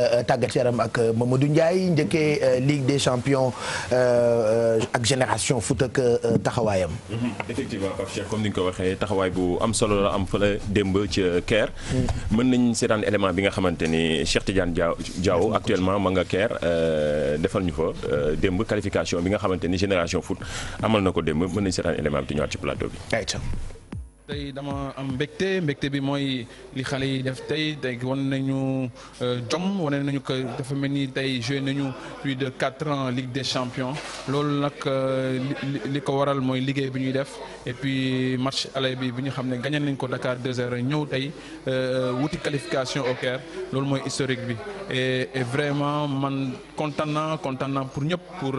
Euh, euh, tàggat yaram ak euh, Mamadou Ndiaye njëkkee Ligue des champions ak génération foot ak taxawaayam. Mhm, effectivement Pape Cheikh comme ni nga ko waxee taxawaay bu am solo la am fële démb ci Caire. Mhm. mën nañ seetaan élément bi nga xamante ni Cheikh Tidiane Diaw actuellement ma nga Caire defal ñu fa démb qualification bi nga xamante ni génération foot amal na ko démb mën nañ seetaan élément bi di ñëwaat ci plateau bi. tey dama am mbégte mbégte bi mooy li xale yi def tey tey wane nañu euh, jom wane nañu ko dafa mel ni tey joué nañu plus de quatre ans Ligue de champion loolu nag euh, li ko waral mooy liggéey bi ñuy def et puis match aller bi bi ñu xam ne gagné nañ ko Dakar 2-0 ñëw tey euh, wuti qualification au Caire loolu mooy historique bi et vraiment man kontaan naa pour ñëpp pour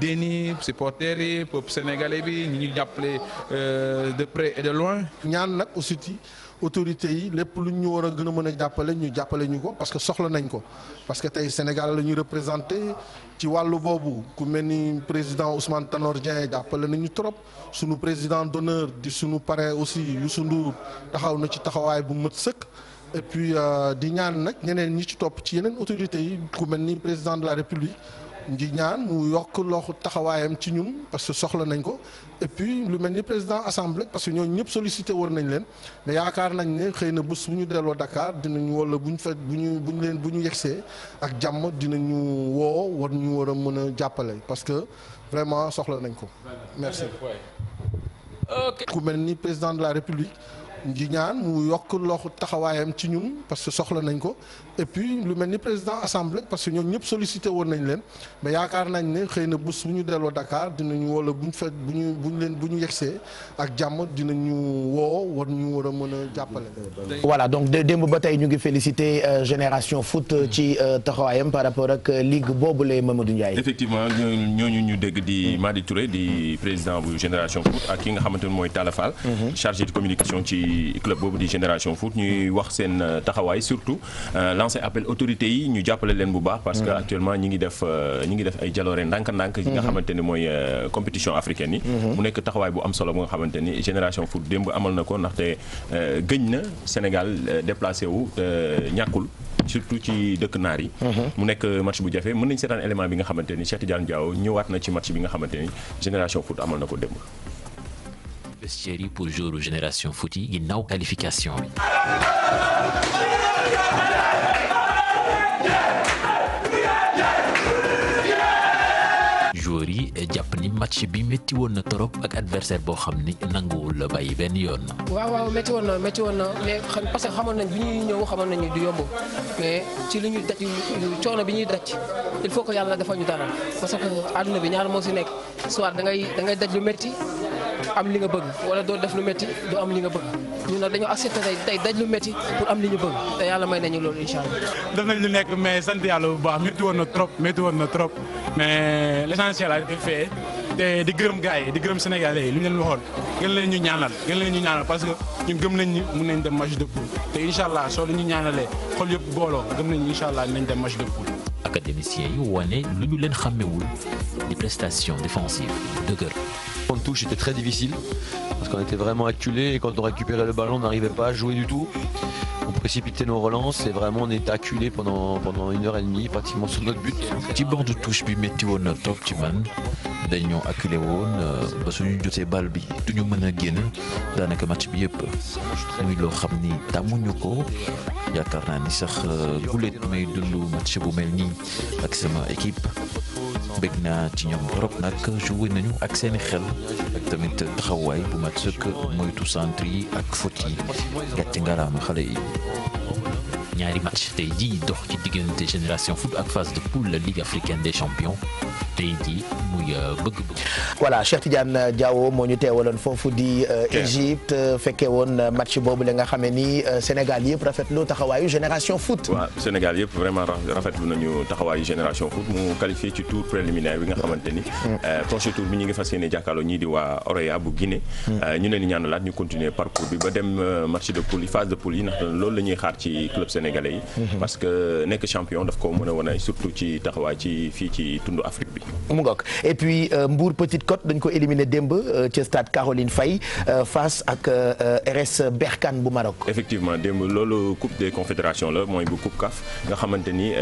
déni supporters yi peuple bi ñu ñu jàppale près ñaan nag aussi autorités yi lépp lu ñu war a gën a mën a jàppale ñu jàppale ñu ko parce que soxla nañ ko parce que tey Sénégal lañu ñuy représenté ci wàllu boobu ku mel ni président Ousmane Tanor Dieng jàppale nañu trop sunu président d'honneur di sunu pare aussi Youssou Ndour taxaw na ci taxawaay bu mët sëkk. et puis euh, di ñaan nag ñeneen ñi ci topp ci yeneen autorités yi ku mel ni président de la République. di ñaan mu yokk loxo taxawaayam ci ñun parce que soxla nañ ko et lu mel ni président assemblée parce que ñooñu ñëpp sollicité woon nañ leen mais yaakaar nañ ne xëy na bés bu ñu delloo Dakar dinañ wala bu ñu fa bu ñu bu leen bu ñu yegsee ak jàmm ñu woo war ñu war a mën a jàppale parce que vraiment soxla nañ ko. merci ku mel ni président de la république. di ñaan mu yokk loxo taxawaayam ci ñun parce que soxla nañ ko et lu mel ni président assemblée parce que ñoom ñëpp sollicité woon nañ leen mais yaakaar nañ ne xëy na bés ñu delloo Dakar dinañu wala bu ñu bu ñu bu leen bu ñu yegsee ak jàmm dinañu woo war war a mën a jàppale. voilà donc démb ba tey ñu ngi félicité euh, génération foot euh, ci euh, taxawaayam par rapport ak ligue boobule Mamadou Ndiaye. effectivement ñooñu ñu dégg di Madi Touré di président bu génération foot ak ki nga xamante ne mooy Talla Fall mm-hmm. de communication ci. ci club boobu di Génération Foot ñuy wax seen euh, taxawaay surtout euh, lancer appel autorités yi ñu jàppale leen bu baax. parce que mm-hmm. actuellement euh, ñi ngi def ay jaloore ndànk-ndànk. nga mm-hmm. xamante mooy compétition africaine yi. Mm-hmm. mu nekk taxawaay bu am solo bu nga xamante Génération Foot démb amal na ko ndaxte gëñ na Sénégal déplacé ñàkkul. surtout ci dëkk naar yi. mu nekk match bu jafe mën nañu seetaan élément bi nga xamante ni Cheikh Tidiane ñëwaat na ci match bestiaires yi pour jouru génération foot yi ginnaaw qualification bi. joueurs yi jàpp ni match bi métti woon na trop ak adversaire boo xam ni nanguwul la bàyyi benn yoon. waaw waaw métti woon na métti woon na mais xam parce que xamoon nañ bi ñuy ñëw xamoon nañ du yomb mais ci li ñu daj coono bi ñuy daj il faut que yàlla defal ñu dara parce àdduna bi ñaar moo si nekk soit da daj lu métti. am li nga bëgg wala doo def lu métti doo am li nga bëgg ñun nag dañoo accepté tey tey daj lu métti pour am li ñu bëgg te yàlla may nañu loolu incha allah. def nañ lu nekk mais sant yàlla bu baax métti woon na trop métti woon na trop a été fait te di gërëm gars yi di gërëm sénégalais yi lu ñu leen waxoon gën leen ñaanal gën leen ñaanal parce que ñun gëm nañ ni mun nañ dem match de te incha soo leen ñu ñaanale xol yëpp booloo gëm nañ incha allah nañ dem match de académiciens yi wane lu ñu leen touche était très difficile parce qu'on était vraiment acculé et quand on récupérait le ballon on n'arrivait pas à jouer du tout. On précipitait nos relances et vraiment on était acculé pendant une heure et demie pratiquement sur notre but. ci de touche bi métti woon na toog ci man. dañoo acculé woon euh, ba suñu jotee bal bi duñu mën a génn daanaka match bi yëpp muy loo xam ni tàmmuñu ko yaakaar naa ni sax euh, guléet may dund match bu mel nii ak sama équipe bég naa ci ñoom trop nag joué nañu ak seeni xel ak tamit taxawaay bu mat sëkk moytu centre yi ak faute yi gàcce ngalaam xale yi ñaari match tey jii dox ci diggante génération foot ak phase de poule la Ligue africaine des champions tey jii muy euh, bëgg-bëgg. voilà Cheikh Tidiane Diawo moo ñu teewaloon foofu di. Euh, Égypte euh, fekkee woon match boobu la nga xamee ni Sénégal yëpp rafetlu taxawaayu génération foot. waaw Sénégal yëpp vraiment rafetlu nañu taxawaayu génération foot mu qualifié ci tour préliminaire bi nga xamante ni. Mm. prochain tour bi ñu ngi fas yéene jàkkaarloo ñii di waa Horoya bu Guinée. Mm. ñu leen di ñaanalaat ñu continuer parcours bi ba dem match de poule phase de poule yi ndax loolu la ñuy xaar ci club sénégalais yi. Mm-hmm. parce que nekk champion daf ko mën a ci taxawaay ci fii ci tundu Afrique bi. mu ngoog et puis euh, Mbour Petite dañ ko éliminé démb euh, ci stade Caroline Faye euh, face ak RS Berkane bu Maroc. effectivement démb loolu coupe des confédérations la mooy bu coupe CAF nga xamante ni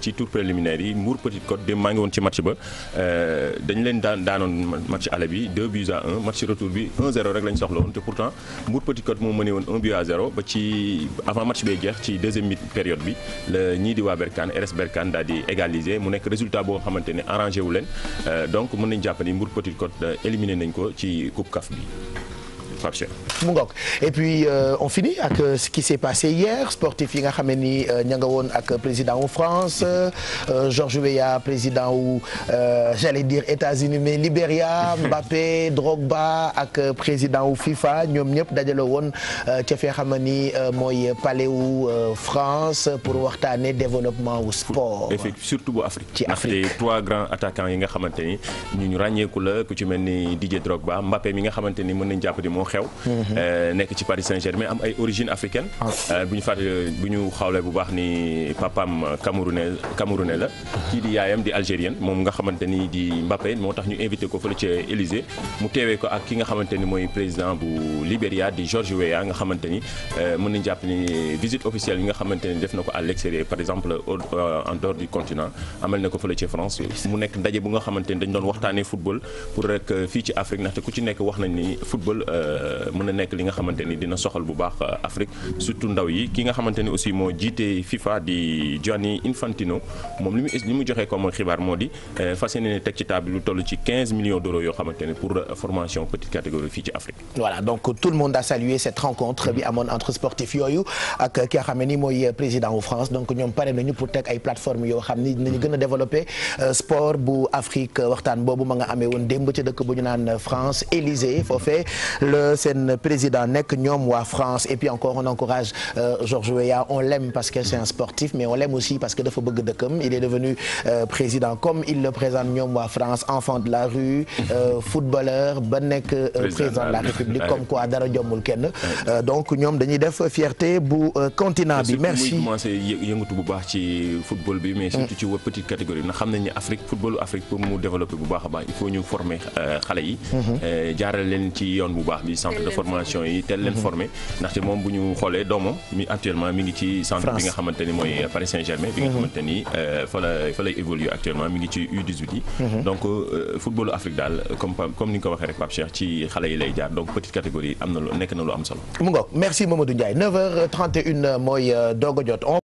ci tour préliminaire yi Mbour Petite Côte démb maa ngi woon ci match ba dañ leen daan daanoon match aller bi 2 buts à 1 match retour bi 1-0 rek lañ soxla woon te pourtant Mbour Petite Côte moo mënee woon 1 but à 0 ba ci avant match bee jeex ci deuxième période bi la ñii di waa Berkane RS Berkane daal di égaliser résultat boo xamante ni arrangé wu Euh, donc mën nañ jàpp ni Mbour Petite Côte euh, éliminé nañ ko ci coupe CAF bi Pape Cheikh mu ngoog et euh, on finit ak euh, ce qui s'est passé hier sportif yi nga xam ne ni euh, ña nga woon ak président wu France euh, Georges président wu euh, j'allais dire États-Unis mais Libéria Mbappé Drogba ak président wu FIFA ñoom ñëpp dajale woon ca fi nga xam ne ni mooy palais wu France pour waxtaane développement wu sport. effectivement surtout bu Afrique. ci Afrique ndaxte trois grands attaquants yi nga xamante ni ñu ràññeeku la ku ci mel ni Didier Drogba Mbappé mi nga xamante ni mën nañu jàpp di xew. Mhm. Euh, nekk ci Paris Saint-Germain am ay origine africaine. Ah. Euh, bu ñu fàttali bu ñu xawle bu baax ni papaam camerounais camerounais la. Mhm. kii di yaayam di algérienne moom nga xamante ni di Mbappé moo tax ñu invité ko fële ca Élysée mu teewee ko ak ki nga xamante ni mooy président bu Libéria di George Weah nga xamante ni euh, mën nañu jàpp ni visite officielle yi nga xamante ni def na ko à l'extérieur par exemple en dehors du continent amal na ko fële ca France mu nekk ndaje bu nga xamante ni dañ doon waxtaanee football pour rek fii ci Afrique ndaxte Euh, mën na nekk li nga xamante ni dina soxal bu baax euh, Afrique surtout ndaw yi ki nga xamante ni aussi moo jiite FIFA di Gianni Infantino moom li mu li mu joxe comme xibaar moo di euh, fas yéene ne teg ci table lu toll ci 15 millions d'euros yoo xamante pour formation petite catégorie fii ci Afrique. voilà donc tout le monde a salué cette rencontre bi amoon entre sportif yooyu ak ki nga xam ne ni mooy président wu France donc ñoom pare nañu pour teg ay plateforme yoo bu Afrique waxtaan boobu ma nga amee woon démb ca dëkk bu ñu naan France Élysée foofee seen président nekk ñoom waa France et puis encore on encourage euh, Georges Weah on l'aime parce que c'est sportif mais on l'aime aussi parce que dafa bëgg dëkkam il est devenu euh, président comme il le présente ñoom waa France enfant de la rue euh, footballeur ba nekk président de la République comme quoi dara jombul kenn donc ñoom dañuy def fierté bu continent bi merci muy yëngatu bu baax ci football bi mais mm. surtout ci wa petite catégorie na xam nañ ne Afrique football baax a baax centre de formation yi teel leen mhm. formé ndaxte moom bu ñu xoolee doomam mi actuellement mi ngi ci centre bi nga xamante mooy mhm. Paris saint bi nga mhm. xamante euh, fa la fa lay évoluer actuellement mi ngi ci U18 yi donc euh, footballu Afrique daal comme ni nga waxee rek Pape Cheikh ci xale yi lay jaar donc petite catégorie am na lu nekk na lu am solo euh, a